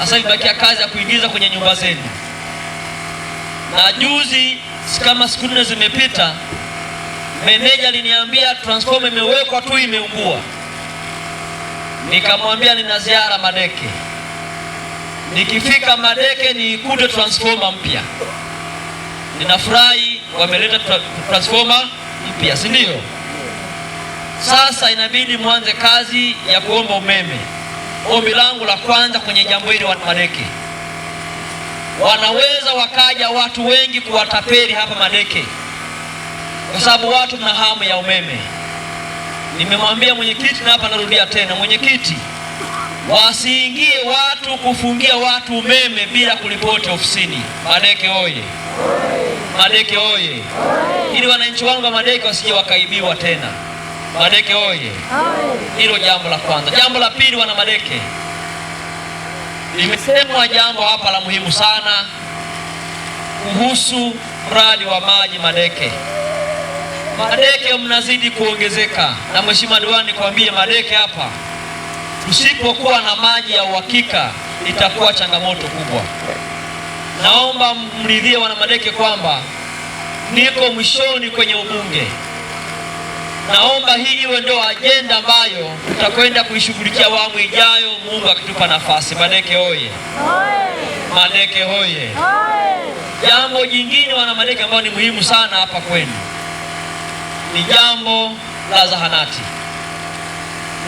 Sasa imebakia kazi ya kuingiza kwenye nyumba zenu. Na juzi kama siku nne zimepita, meneja aliniambia transformer imewekwa tu imeungua. Nikamwambia nina ziara Madeke, nikifika Madeke niikute transformer mpya. Ninafurahi wameleta tra transformer mpya, si ndio? Sasa inabidi mwanze kazi ya kuomba umeme ombi langu la kwanza kwenye jambo hili, watu Madeke, wanaweza wakaja watu wengi kuwatapeli hapa Madeke, kwa sababu watu mna hamu ya umeme. Nimemwambia mwenyekiti na hapa narudia tena, mwenyekiti, wasiingie watu kufungia watu umeme bila kulipoti ofisini. Madeke oye! Madeke oye! Ili wananchi wangu wa Madeke wasije wakaibiwa tena. Madeke oye! Hilo jambo la kwanza. Jambo la pili, wana Madeke, limesemwa jambo hapa la muhimu sana kuhusu mradi wa maji Madeke. Madeke mnazidi kuongezeka, na mheshimiwa diwani, nikwambie Madeke hapa, tusipokuwa na maji ya uhakika itakuwa changamoto kubwa. Naomba mridhie wana Madeke kwamba niko mwishoni kwenye ubunge. Naomba hii iwe ndio ajenda ambayo tutakwenda kuishughulikia awamu ijayo, Mungu akitupa nafasi. Madeke hoye! Madeke hoye! Jambo jingine wana Madeke ambayo ni muhimu sana hapa kwenu ni jambo la zahanati.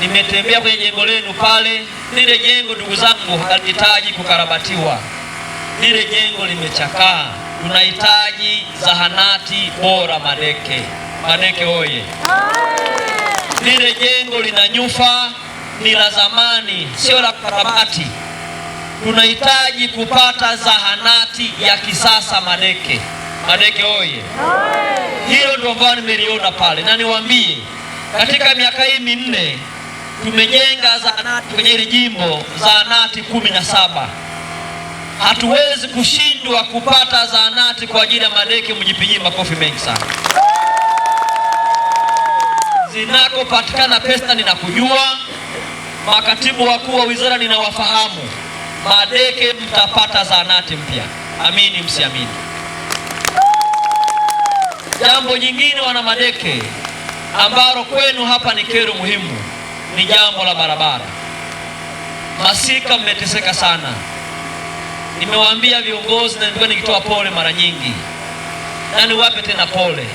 Nimetembea kwenye jengo lenu pale, lile jengo ndugu zangu halihitaji kukarabatiwa, lile jengo limechakaa. Tunahitaji zahanati bora Madeke. Maneke oye! Lile jengo lina nyufa, ni la zamani, sio la kukarabati. Tunahitaji kupata zahanati ya kisasa Maneke. Maneke oye! Hilo ndio ambalo nimeliona pale, na niwaambie katika miaka hii minne tumejenga zahanati kwenye hili jimbo zahanati kumi na saba. Hatuwezi kushindwa kupata zahanati kwa ajili ya madeke Mjipigie makofi mengi sana zinakopatikana pesa ninakujua, makatibu wakuu wa wizara ninawafahamu. Madeke mtapata zahanati mpya, amini msiamini. Jambo jingine wana Madeke ambalo kwenu hapa ni kero muhimu ni jambo la barabara. Masika mmeteseka sana, nimewaambia viongozi na nilikuwa nikitoa pole mara nyingi, na niwape tena pole.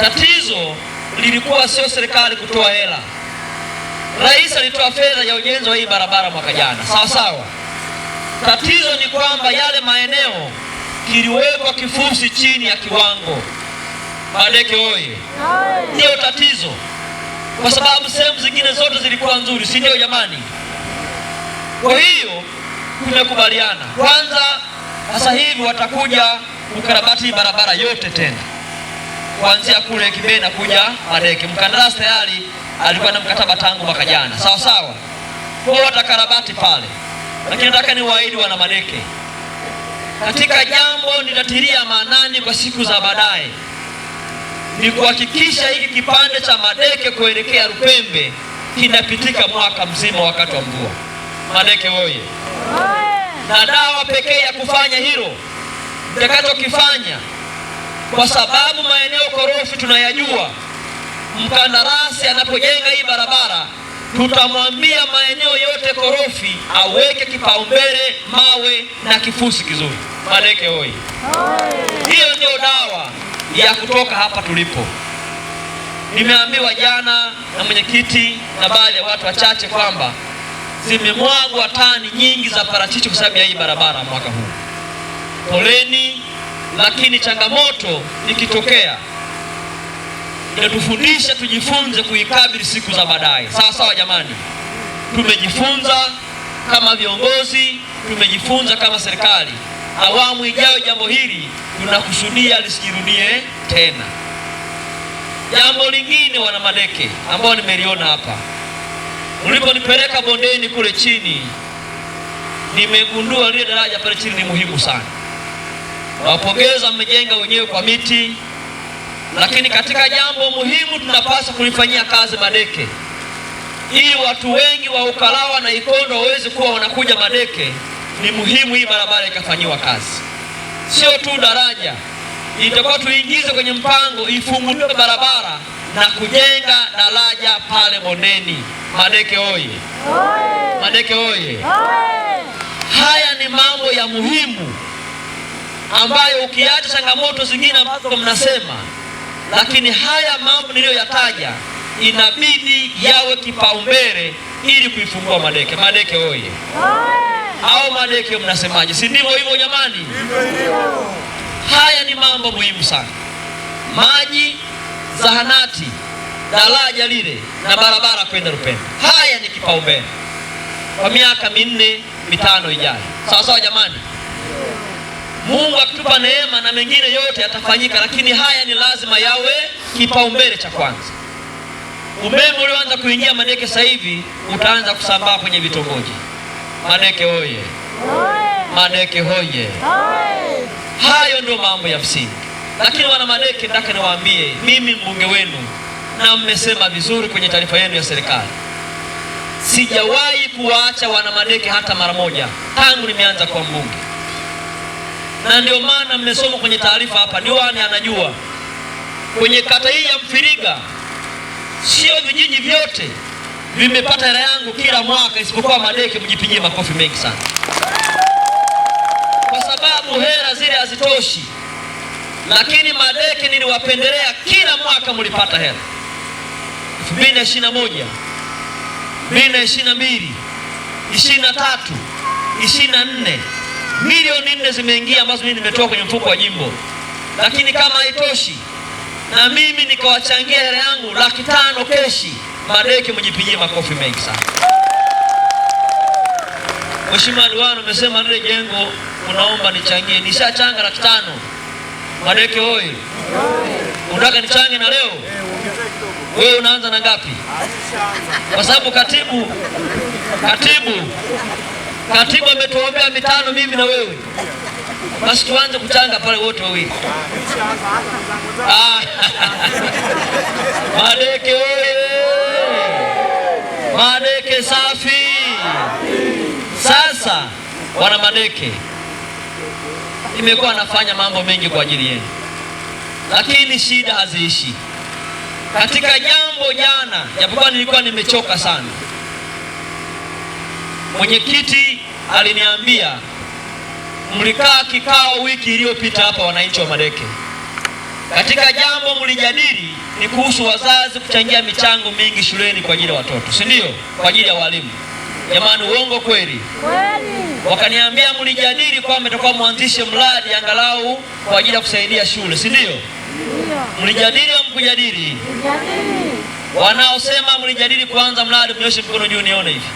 Tatizo lilikuwa sio serikali kutoa hela. Rais alitoa fedha ya ujenzi wa hii barabara mwaka jana, sawa sawa. Tatizo ni kwamba yale maeneo kiliwekwa kifusi chini ya kiwango. Madeke oye! Ndiyo tatizo, kwa sababu sehemu zingine zote zilikuwa nzuri, si ndio jamani? Kwa hiyo tumekubaliana kwanza, sasa hivi watakuja kukarabati barabara yote tena kuanzia kule Kibena kuja Madeke. Mkandarasi tayari alikuwa na mkataba tangu mwaka jana, sawa sawa, kwa watakarabati pale, lakini nataka waidi wana Madeke katika jambo nitatiria maanani kwa siku za baadaye ni kuhakikisha hiki kipande cha Madeke kuelekea Lupembe kinapitika mwaka mzima wakati wa mvua. Madeke woye! Na dawa pekee ya kufanya hilo mtakachokifanya kwa sababu maeneo korofi tunayajua. Mkandarasi anapojenga hii barabara, tutamwambia maeneo yote korofi aweke kipaumbele mawe na kifusi kizuri. Madeke hoi! Hiyo ndio dawa ya kutoka hapa tulipo. Nimeambiwa jana na mwenyekiti na baadhi ya watu wachache kwamba zimemwagwa tani nyingi za parachichi kwa sababu ya hii barabara mwaka huu. Poleni lakini changamoto ikitokea inatufundisha tujifunze kuikabili siku za baadaye. Sawa sawa, jamani, tumejifunza kama viongozi, tumejifunza kama serikali. Awamu ijayo jambo hili tunakusudia lisijirudie tena. Jambo lingine, wana Madeke, ambao nimeliona hapa uliponipeleka bondeni kule chini, nimegundua lile daraja pale chini ni muhimu sana. Nawapongeza, mmejenga wenyewe kwa miti, lakini katika jambo muhimu tunapaswa kulifanyia kazi Madeke ili watu wengi wa Ukalawa na Ikondo waweze kuwa wanakuja Madeke. Ni muhimu hii barabara ikafanyiwa kazi, sio tu daraja. Itakuwa tuingize kwenye mpango ifunguliwe barabara na kujenga daraja pale bondeni. Madeke oye! Madeke oye! Haya ni mambo ya muhimu ambayo ukiacha changamoto zingine ambazo mnasema, lakini haya mambo niliyoyataja inabidi yawe kipaumbele ili kuifungua Madeke. Madeke oye! Au Madeke mnasemaje? Si ndivyo hivyo jamani? Haya ni mambo muhimu sana: maji, zahanati, daraja lile na barabara kwenda Lupembe. Haya ni kipaumbele kwa miaka minne mitano ijayo, sawasawa jamani? Mungu akitupa neema na mengine yote yatafanyika, lakini haya ni lazima yawe kipaumbele cha kwanza. Umeme ulioanza kuingia Madeke sasa hivi utaanza kusambaa kwenye vitongoji. Madeke hoye! Madeke hoye! Hayo ndio mambo ya msingi. Lakini wana Madeke, nataka niwaambie, mimi mbunge wenu, na mmesema vizuri kwenye taarifa yenu ya serikali, sijawahi kuwaacha wana Madeke hata mara moja tangu nimeanza kuwa mbunge na ndio maana mmesoma kwenye taarifa hapa, diwani anajua kwenye kata hii ya Mfiriga sio vijiji vyote vimepata hela yangu kila mwaka isipokuwa Madeke. Mjipigie makofi mengi sana, kwa sababu hela zile hazitoshi, lakini Madeke niliwapendelea, kila mwaka mlipata hela 2021, 2022, 23, 24 milioni nne zimeingia ambazo mimi nimetoa kwenye mfuko wa jimbo, lakini kama haitoshi na mimi nikawachangia hela yangu laki tano keshi. Madeki mjipigie makofi mengi sana. Mheshimiwa Diwani, umesema lile jengo unaomba nichangie, nishachanga laki tano. Madeki hoye, unataka nichange na leo? Wewe unaanza na ngapi? Kwa sababu katibu, katibu Katibu ametuombea mitano, mimi na wewe, basi tuanze kuchanga pale wote wawili. Ah. Madeke Madeke safi! Sasa wana Madeke, nimekuwa nafanya mambo mengi kwa ajili yenu, lakini shida haziishi katika jambo jana, japokuwa nilikuwa nimechoka sana mwenyekiti aliniambia mlikaa kikao wiki iliyopita hapa, wananchi wa Madeke, katika jambo mlijadili ni kuhusu wazazi kuchangia michango mingi shuleni kwa ajili ya watoto, si ndio? Kwa ajili ya walimu. Jamani, uongo kweli? Wakaniambia mlijadili kwamba itakuwa mwanzishe mradi angalau kwa ajili ya kusaidia shule, si ndio? Mlijadili au mkujadili? Wanaosema mlijadili kuanza mradi mnyoshe mkono juu nione hivi.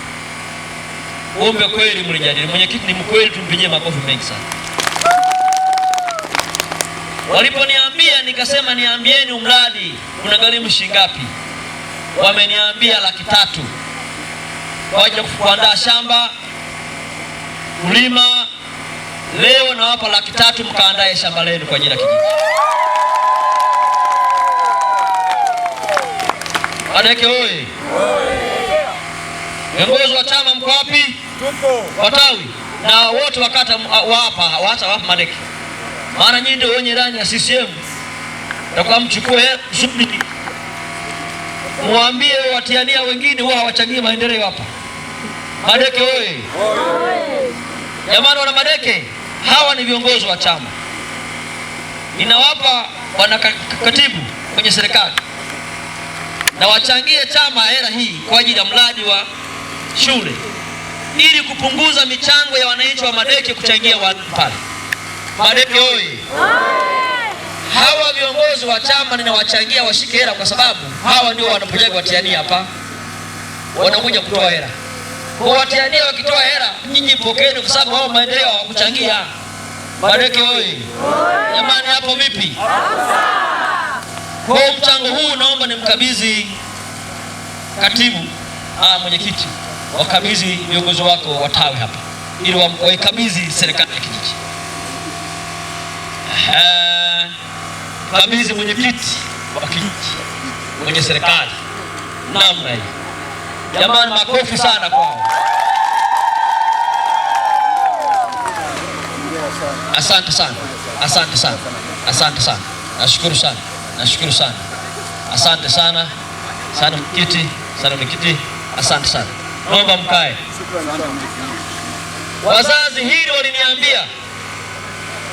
Ng'ombe kweli mlijadili. Mwenyekiti ni mkweli, tumpigie makofi mengi sana. Waliponiambia nikasema niambieni umradi kuna shilingi ngapi? Wameniambia laki tatu waje kuandaa shamba kulima. Leo nawapa laki tatu mkaandae shamba lenu kwa ajili ya kijiji. Adeke oye! Viongozi wa chama mko wapi? tuko watawi na wote wakata wa hapa hawata hapa Maleki, maana nyinyi ndio wenye ndani ya CCM. Takuwa mchukue subiri, mwambie watiania wengine wao wachangie maendeleo hapa Madeke. Wewe jamani, wana Madeke, hawa ni viongozi wa chama, ninawapa wana katibu kwenye serikali na wachangie chama hela hii kwa ajili ya mradi wa shule ili kupunguza michango ya wananchi wa Madeke kuchangia watu pale Madeke. Oye, hawa viongozi wa chama ninawachangia washike hela, kwa sababu hawa ndio wanapojaga watiania hapa, wanakuja kutoa hela kwa watiania. Wakitoa hela nyinyi pokeeni, kwa sababu hao maendeleo hawakuchangia. Madeke oye! Jamani, hapo vipi? Kwa mchango huu naomba nimkabidhi katibu, ah, mwenyekiti wakabidhi viongozi wako wa tawi hapa, ili waikabidhi serikali ya kijiji, kabidhi mwenyekiti wa kijiji mwenye serikali namna hii. Jamani, makofi sana kwao. Asante sana, asante sana, asante sana, nashukuru sana, nashukuru sana, asante sana sana mwenyekiti, sana mwenyekiti, asante sana naomba mkae. Wazazi hili waliniambia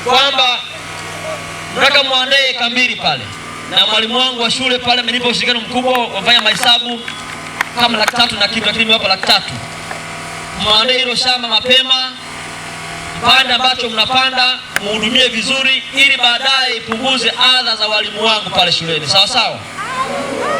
kwamba nataka mwandae eka pale, na mwalimu wangu wa shule pale amenipa ushirikiano mkubwa, wafanya mahesabu kama laki tatu na kitu, lakini nimewapa laki tatu. Mwandae hilo shamba mapema, mpande ambacho mnapanda muhudumie vizuri, ili baadaye ipunguze adha za walimu wangu pale shuleni, sawa sawa.